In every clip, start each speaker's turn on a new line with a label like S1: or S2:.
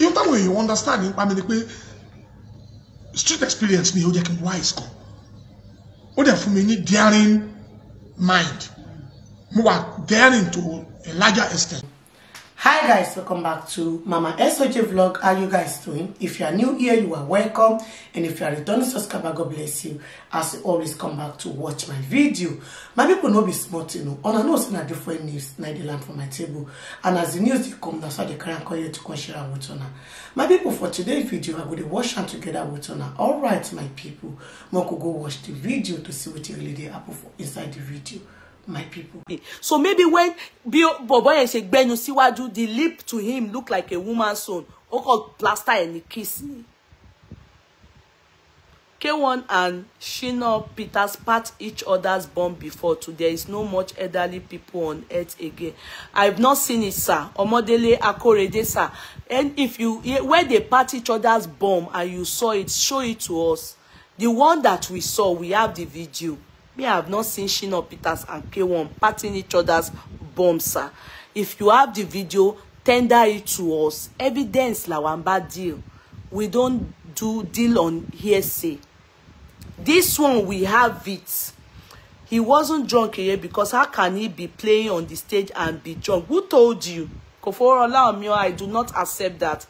S1: In ihun táwọn you understand nípa mi ni pé street experience ni ó jẹ́ kí n wise kan ó dẹ̀ fún mi ní daring mind mo wà daring to a larger extent hi guys welcome back to mama soj vlog how you guys doing if you are new here you are welcome and if you are returning subscriber god bless you as you always come back to watch my video my people no be smart you know and i know say na different news na dey land for my table and as the news dey come that's why they can't call you to come share with una my people for today's video i go dey watch am together with una all right my people more we go watch the video to see wetin really dey happen for inside the video my people.
S2: So maybe when bí bọ̀bọ̀ yẹn ṣe gbẹ́nu síwájú the lip to him look like a woman's own ó kọ plaster and ní kiss me. K1 and Shina Peters pat each other's bum before too. There is no much elderly people on earth again. I've not seen it, sir. Omodele Akorede, sir. And if you, where they pat each other's bum and you saw it, show it to us. The one that we saw, we have the video. Me, I have not seen Shino Peters and K1 patting each other's bum, sir. If you have the video, tender it to us. Evidence la one bad deal. We don't do deal on hearsay. This one, we have it. He wasn't drunk here because how can he be playing on the stage and be drunk? Who told you? Koforola Omio, I do not accept that.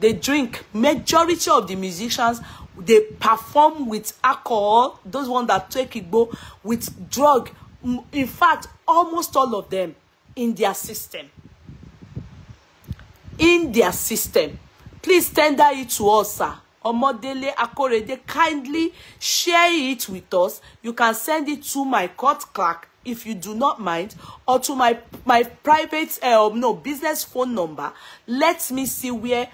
S2: They drink. Majority of the musicians they perform with alcohol, those ones that take Igbo, with drug. In fact, almost all of them in their system. In their system. Please tender it to us, sir. Omodele Akorede, kindly share it with us. You can send it to my court clerk if you do not mind or to my my private uh, no business phone number. Let me see where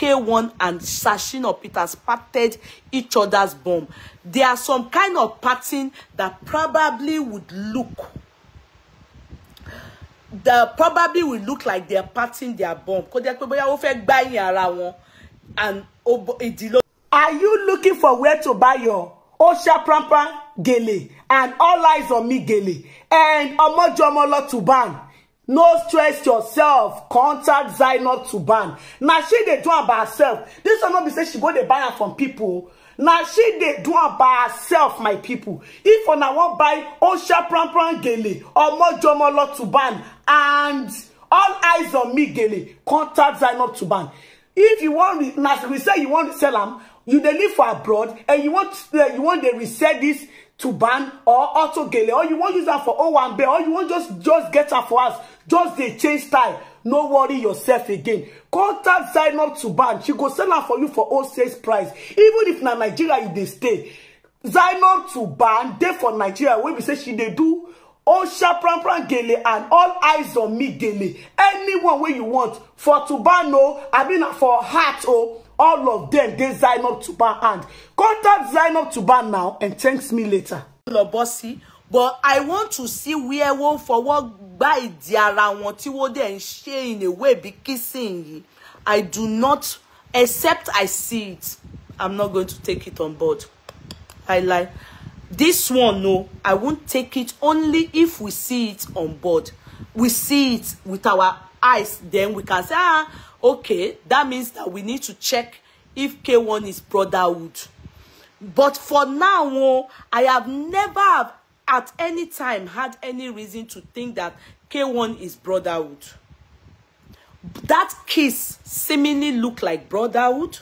S2: K1 and Sashin Sashino Peters parted each other's bomb. There are some kind of pattern that probably would look The probably will look like they are patting their bomb. Kò jẹ́ pé bóyá ó fẹ́ gbá and Are you looking for where to buy
S1: your Osha Prampa gele and all eyes on me gele and to Lotuban? no stress yourself contact zainab ban. na she dey do am by herself This one no be say she go dey buy am from people. na she dey do am by herself my people. if una wan buy osha pranpran gele to ban. and all eyes on me gele contact zainab ban. if you wan na we say you wan sell am you dey live for abroad and you wan eh, you wan dey resell this. To ban or autogele or you wan use am for owambe or you wan just just get am for house just dey change style no worry yourself again contact sign to ban she go sell am for you for wholesale price even if na nigeria you dey stay zainab ban dey for nigeria wey be say she dey do osha pranpran gele and all eyes on me gele anyone wey you want for to ban o i mean for heart o all of them, dem dey zainab tuba hand contact sign up
S2: to tuba now and thanks me later. Bossy, but i want to see where wọ́n fọwọ́ gbá ìdí ara wọn tí wọ́n dẹ̀ ń ṣe in a way bí kissing i do not except i see it i'm not going to take it on board i lie this one no i won't take it only if we see it on board we see it with our eyes then we can say ah okay that means that we need to check if k1 is brotherhood but for now o oh, i have never at any time had any reason to think that k1 is brotherhood that kiss seemingly looked like brotherhood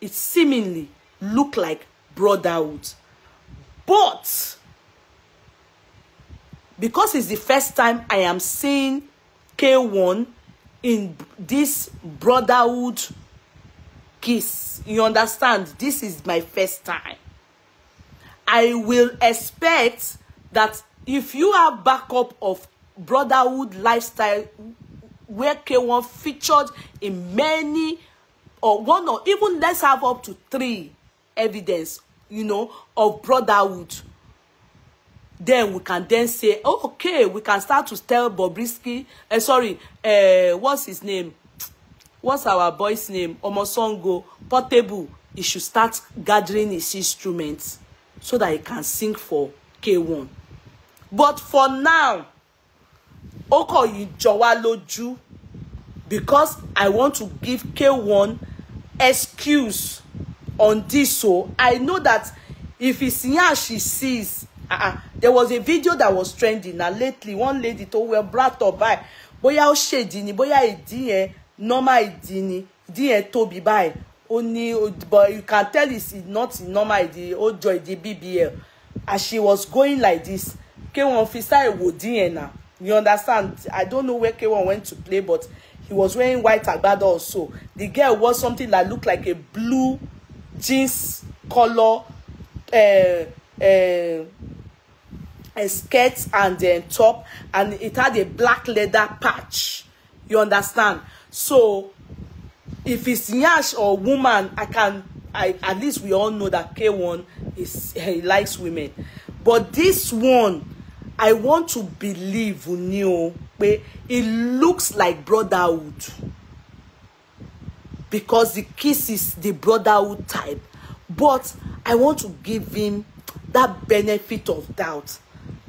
S2: it seemingly looked like brotherhood but because it's the first time i am seeing k1 in this brotherhood kiss. You understand? This is my first time. I will expect that if you have backup of brotherhood lifestyle where K1 featured in many or one or even let's have up to three evidence, you know, of brotherhood then we can then say okay we can start to tell Bobrisky uh, sorry uh, what's his name what's our boy's name Omosongo Portable he should start gathering his instruments so that he can sing for K1 but for now ó kọ̀ yìí because I want to give K1 excuse on this so I know that if his she sees Ah, ah there was a video that was trending now lately one lady tó wear bra top báyìí bóyá ó ṣèdí ni bóyá ìdí yẹn normal ìdí ni ìdí yẹn tóbi báyìí ó ní but you can tell it's not normal ìdí ó jọ the bbl as she was going like this k1 fi sáà wò dín you understand i don't know where k1 went to play but he was wearing white agbada also the girl wore something that looked like a blue jeans color. uh, eh, uh, eh, a skirt and then top and it had a black leather patch you understand so if it's nyash or woman i can i at least we all know that k1 is he likes women but this one i want to believe ni o oh, it looks like brotherhood because the kiss is the brotherhood type but i want to give him that benefit of doubt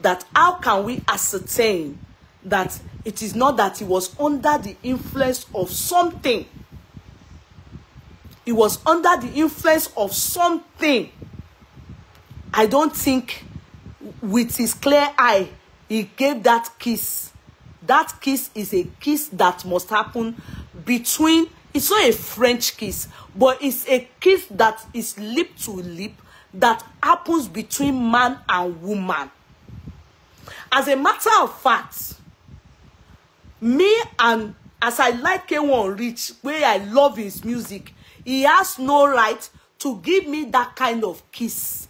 S2: that how can we ascertain that it is not that he was under the influence of something. He was under the influence of something. I don't think with his clear eye, he gave that kiss. That kiss is a kiss that must happen between, it's not a French kiss, but it's a kiss that is lip to lip that happens between man and woman as a matter of fact me and as i like k1 Rich, where i love his music he has no right to give me that kind of kiss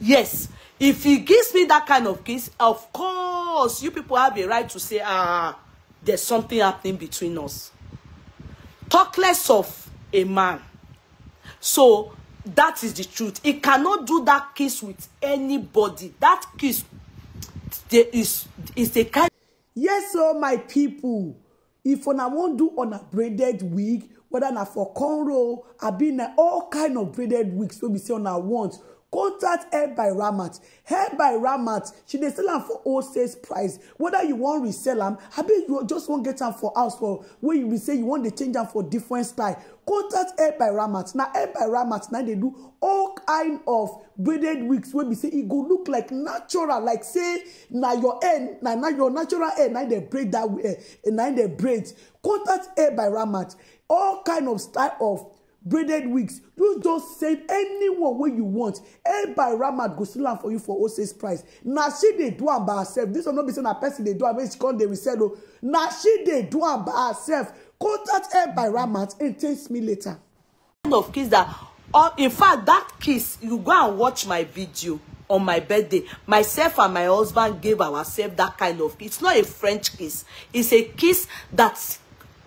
S2: yes if he gives me that kind of kiss of course you people have a right to say ah there's something happening between us talk less of a man so that is the truth he cannot do that kiss with anybody that kiss there is is a kind. yes o my pipo if una wan do una
S1: braided wig whether na for conro abi na all kind of braided wigs wey be say una want contact hair by ramat hair by ramat she dey sell am for wholesale price whether you wan resell am abi you just wan get am for house for wey you be say you wan dey change am for different style contact hair by ramat na hair by ramat na dey do all kind of braided wigs wey be say e go look like natural like say na your hair na na your natural hair na dey braid that way eh, na dey braid contact hair by ramat all kind of style of braided wigs you just send anyone wey you want hair by ramat go still am for you for wholesale price na she dey do am by herself this one no be say na person dey do am wey she come dey resell o na she dey do am by herself contact hair by ramat and text me later.
S2: kind of kiss that Or in fact, that kiss, you go and watch my video on my birthday. Myself and my husband gave ourselves that kind of kiss. It's not a French kiss. It's a kiss that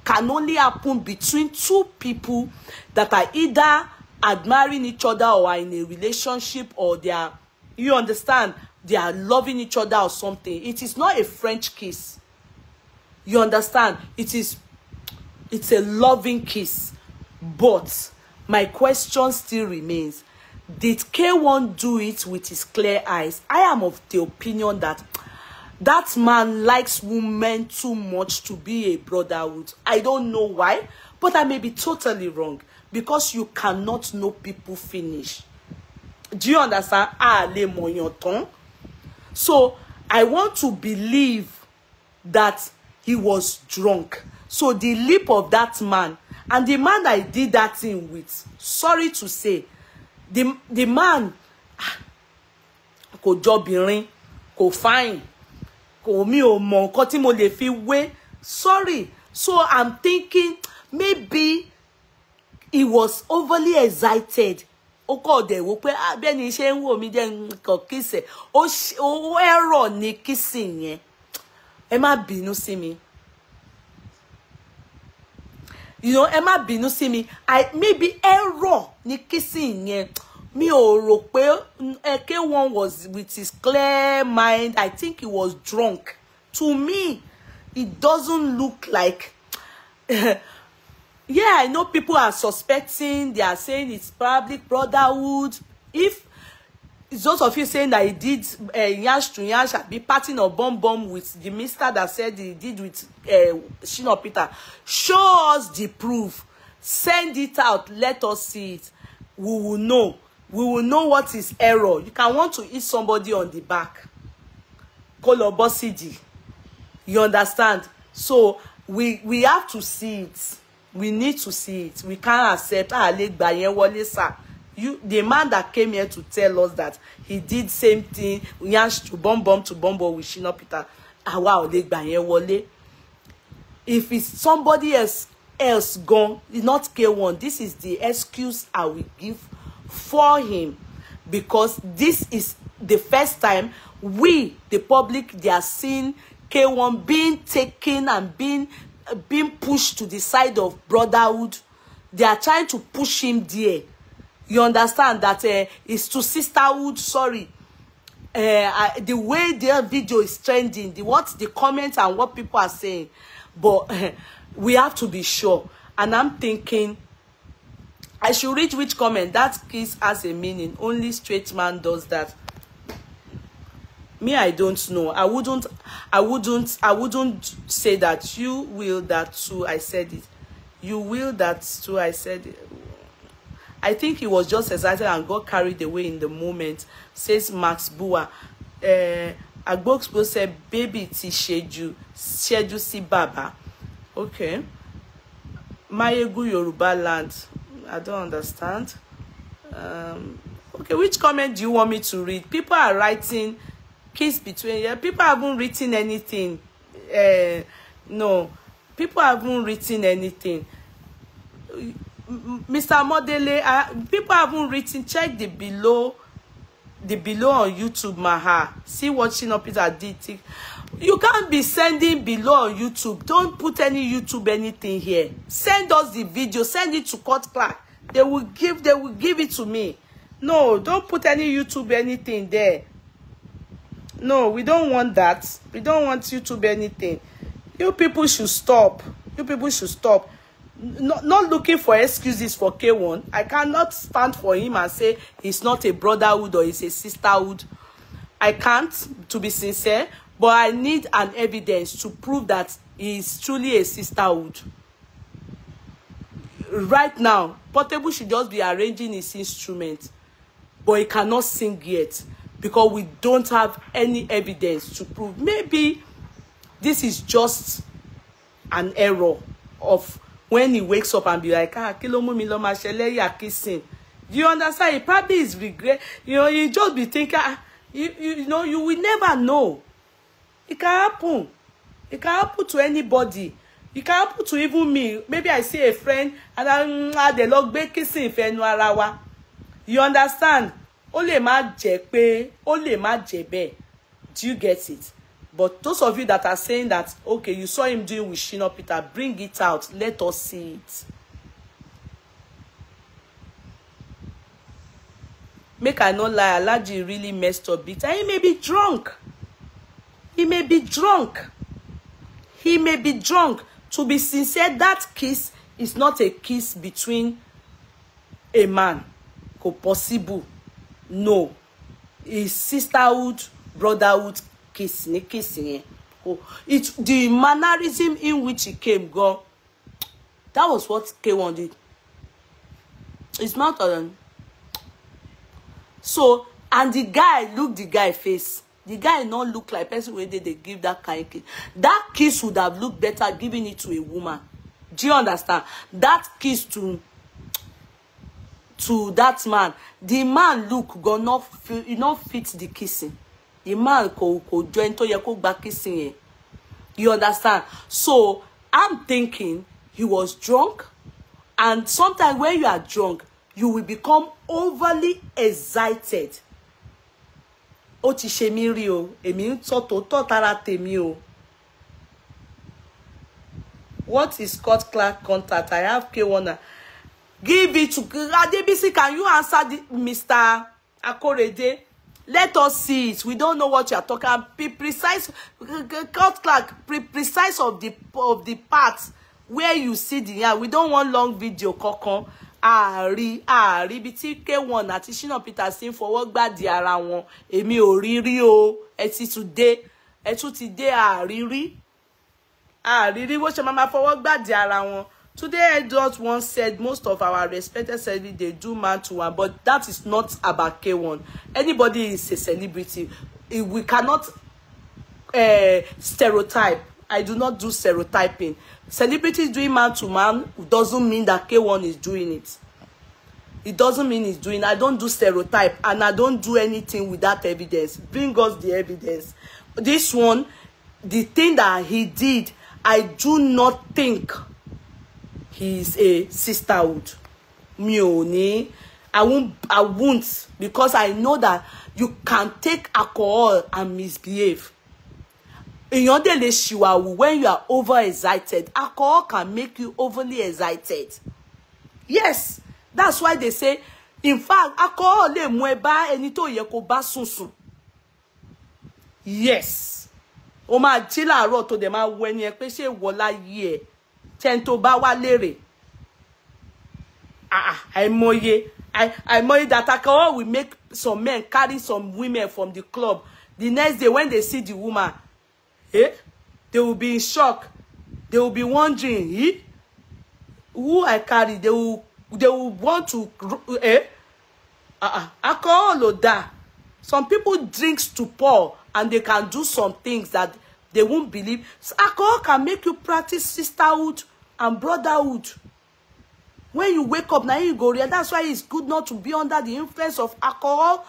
S2: can only happen between two people that are either admiring each other or are in a relationship or they are, you understand, they are loving each other or something. It is not a French kiss. You understand? It is, it's a loving kiss. But My question still remains. Did K1 do it with his clear eyes? I am of the opinion that that man likes women too much to be a brotherhood. I don't know why, but I may be totally wrong because you cannot know people finish. Do you understand? Ah, le moyon So I want to believe that he was drunk. So the leap of that man And the man I did that thing with, sorry to say, the, the man ah, kò jọbìnrin kò fine kò mi ò mọ nǹkan tí mo lè fi wé sorry so I'm thinking maybe he was overly excited ó kọ̀ dẹ̀ wò pé ah, bẹ́ẹ̀ ni ṣe ń wò mí jẹ́ nǹkan mm, kìsẹ̀ ó ẹ̀rọ ni kìsì yẹn ẹ má bínú sí mi you know ẹ má bínú sí mi i maybe error ni kissing yẹn mi ò rò pé k one was with his clear mind i think he was drunk to me it doesn't look like yeah i know people are suspecting they are saying it's public brotherhood if those of you saying that he did uh, eh, yansh to yansh be parting of bomb bomb with the minister that said he did with uh, Shina Peter, show us the proof. Send it out. Let us see it. We will know. We will know what is error. You can want to hit somebody on the back. Kolobo CD. You understand? So we we have to see it. We need to see it. We can't accept. Ah, late by wole sir you the man that came here to tell us that he did same thing yansh to bomb bomb to bomb bomb with Shina Peter àwa ò lè gbà yẹn wọlé if it's somebody else else gone not K1 this is the excuse I will give for him because this is the first time we the public they are seeing K1 being taken and being being pushed to the side of brotherhood they are trying to push him there you understand that uh, it's to sisterhood sorry uh, the way their video is trending the what the comments and what people are saying but uh, we have to be sure and i'm thinking i should read which comment that kiss has a meaning only straight man does that me i don't know i wouldn't i wouldn't i wouldn't say that you will that too i said it you will that too i said it I think he was just excited and got carried away in the moment, says Max Bua. Uh, eh, Agbokpo said, baby ti ṣẹ́jú, ṣẹ́jú sí bàbá. Okay. Mayegun Yoruba land. I don't understand. Um, okay, which comment do you want me to read? People are writing kiss between yeah, people haven't written anything. Uh, no, people haven't written anything. Mr. Modele, I, uh, people haven't written. Check the below, the below on YouTube, Maha. See what up is at DT. You can't be sending below on YouTube. Don't put any YouTube anything here. Send us the video. Send it to Court Clark. They will give. They will give it to me. No, don't put any YouTube anything there. No, we don't want that. We don't want YouTube anything. You people should stop. You people should stop not, not looking for excuses for K1. I cannot stand for him and say he's not a brotherhood or he's a sisterhood. I can't, to be sincere, but I need an evidence to prove that he's truly a sisterhood. Right now, Portable should just be arranging his instrument, but he cannot sing yet because we don't have any evidence to prove. Maybe this is just an error of when he wakes up and be like ah kí ló mú mi lọ máa ṣe lẹ́yà kissing you understand he probably is regret you know he just be thinking ah you, you, you know you will never know it can happen it can happen to anybody it can happen to even me maybe i see a friend and i ah, the log be kissing fẹnu no wa you understand ó lè má jẹ́ pé ó do you get it But those of you that are saying that, okay, you saw him doing with Shino Peter, bring it out. Let us see it. Make I not lie, Alaji really messed up bit. he may be drunk. He may be drunk. He may be drunk. To be sincere, that kiss is not a kiss between a man. Ko possible. No. It's sisterhood, brotherhood kiss ní kiss yẹn oh it the mannerism in which he came gan that was what K1 did it's not um, so and the guy look the guy face the guy no look like person wey dey dey give that kind kiss that kiss would have looked better giving it to a woman do you understand that kiss to to that man the man look go no e no fit the kissing the man kò kò jọ ẹni tó yẹ kó gba kissing yẹn you understand so i'm thinking he was drunk and sometimes when you are drunk you will become overly excited O ti ṣe mí rí o èmi ń tọ́ tó tọ́ tara tèmi o what is Scott Clark contact i have k1 give it to Adebisi can you answer the Mr. Akorede Let us see it. We don't know what you are talking. Be precise, cut clerk, pre precise of the of the parts where you see the yam. We don't want long video kankan. Ari, Ari. B T K1 one. àti Shina Peter sì for work bad. ara wọn. Èmi ò rí rí o. Ẹ ti tún dé. Ẹ tún Ari. dé Ari. rí. your mama for work bad. ma fọwọ́ gbàdí ara Today, I Edot once said most of our respected celebrities they do man to one, but that is not about K1. Anybody is a celebrity. We cannot uh, stereotype. I do not do stereotyping. Celebrities doing man to man doesn't mean that K1 is doing it. It doesn't mean he's doing. I don't do stereotype and I don't do anything without evidence. Bring us the evidence. This one, the thing that he did, I do not think is a sisterhood mi ò ní i won't i won't because i know that you can take alcohol and misbehave èèyàn dẹ̀ lè ṣìwàwù when you are over excited alcohol can make you overly excited yes that's why they say in fact alcohol lè mú ẹ bá ẹni tó yẹ kó bá sùn yes o máa jí láàárọ̀ tó dẹ̀ máa wọ ẹni ẹ pé ṣé ìwọ láyé ẹ tẹ́ni tó bá wá léèrè ah, ah, àìmọye àìmọye that alcohol will make some men carry some women from the club the next day when they see the woman eh, they will be in shock they will be wondering eh, who I carry they will they will want to eh, uh, alcohol or that some people drinks to and they can do some things that they won't believe. So alcohol can make you practice sisterhood, and brotherhood when you wake up na you go real that's why it's good not to be under the influence of alcohol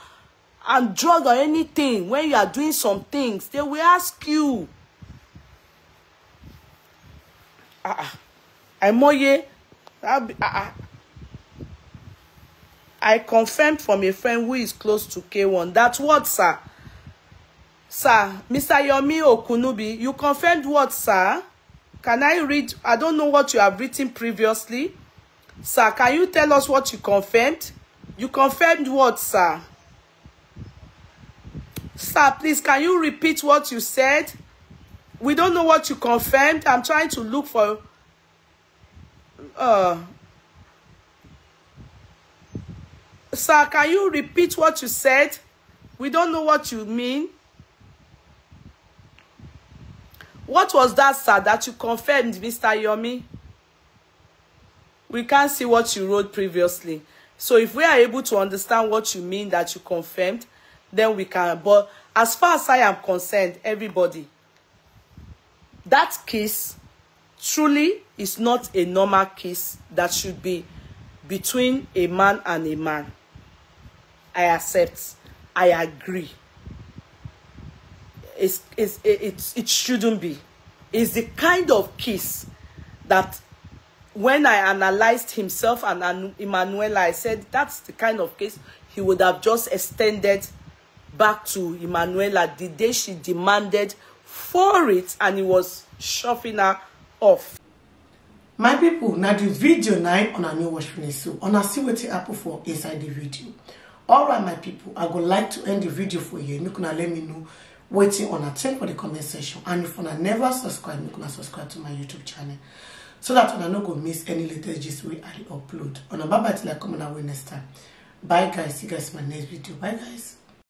S2: and drug or anything when you are doing some things they will ask you ah ah àìmọye ah ah I confirmed from a friend who is close to K1 That's what sir sir Mr. Yomi Okunubi you confirmed what sir. Can I read? I don't know what you have written previously. Sir, can you tell us what you confirmed? You confirmed what, sir? Sir, please, can you repeat what you said? We don't know what you confirmed. I'm trying to look for... Uh, sir, can you repeat what you said? We don't know what you mean. What was that, sir, that you confirmed, Mr. Yomi? We can't see what you wrote previously. So if we are able to understand what you mean that you confirmed, then we can. But as far as I am concerned, everybody, that kiss truly is not a normal kiss that should be between a man and a man. I accept. I agree is, is, it, it shouldn't be. It's the kind of kiss that when I analyzed himself and Emanuela, I said that's the kind of kiss he would have just extended back to Emanuela the day she demanded for it and he was shoving her off. My people, now the
S1: video 9 on a new watch finish. So, on a see what happen for inside the video. All right, my people, I would like to end the video for you. Make una let me know waiting on a check for the comment section and if una never subscribe make una subscribe to my youtube channel so that una no go miss any latest gist wey i dey upload
S2: una bye bye till i come una way next time bye guys see you guys in my next video bye guys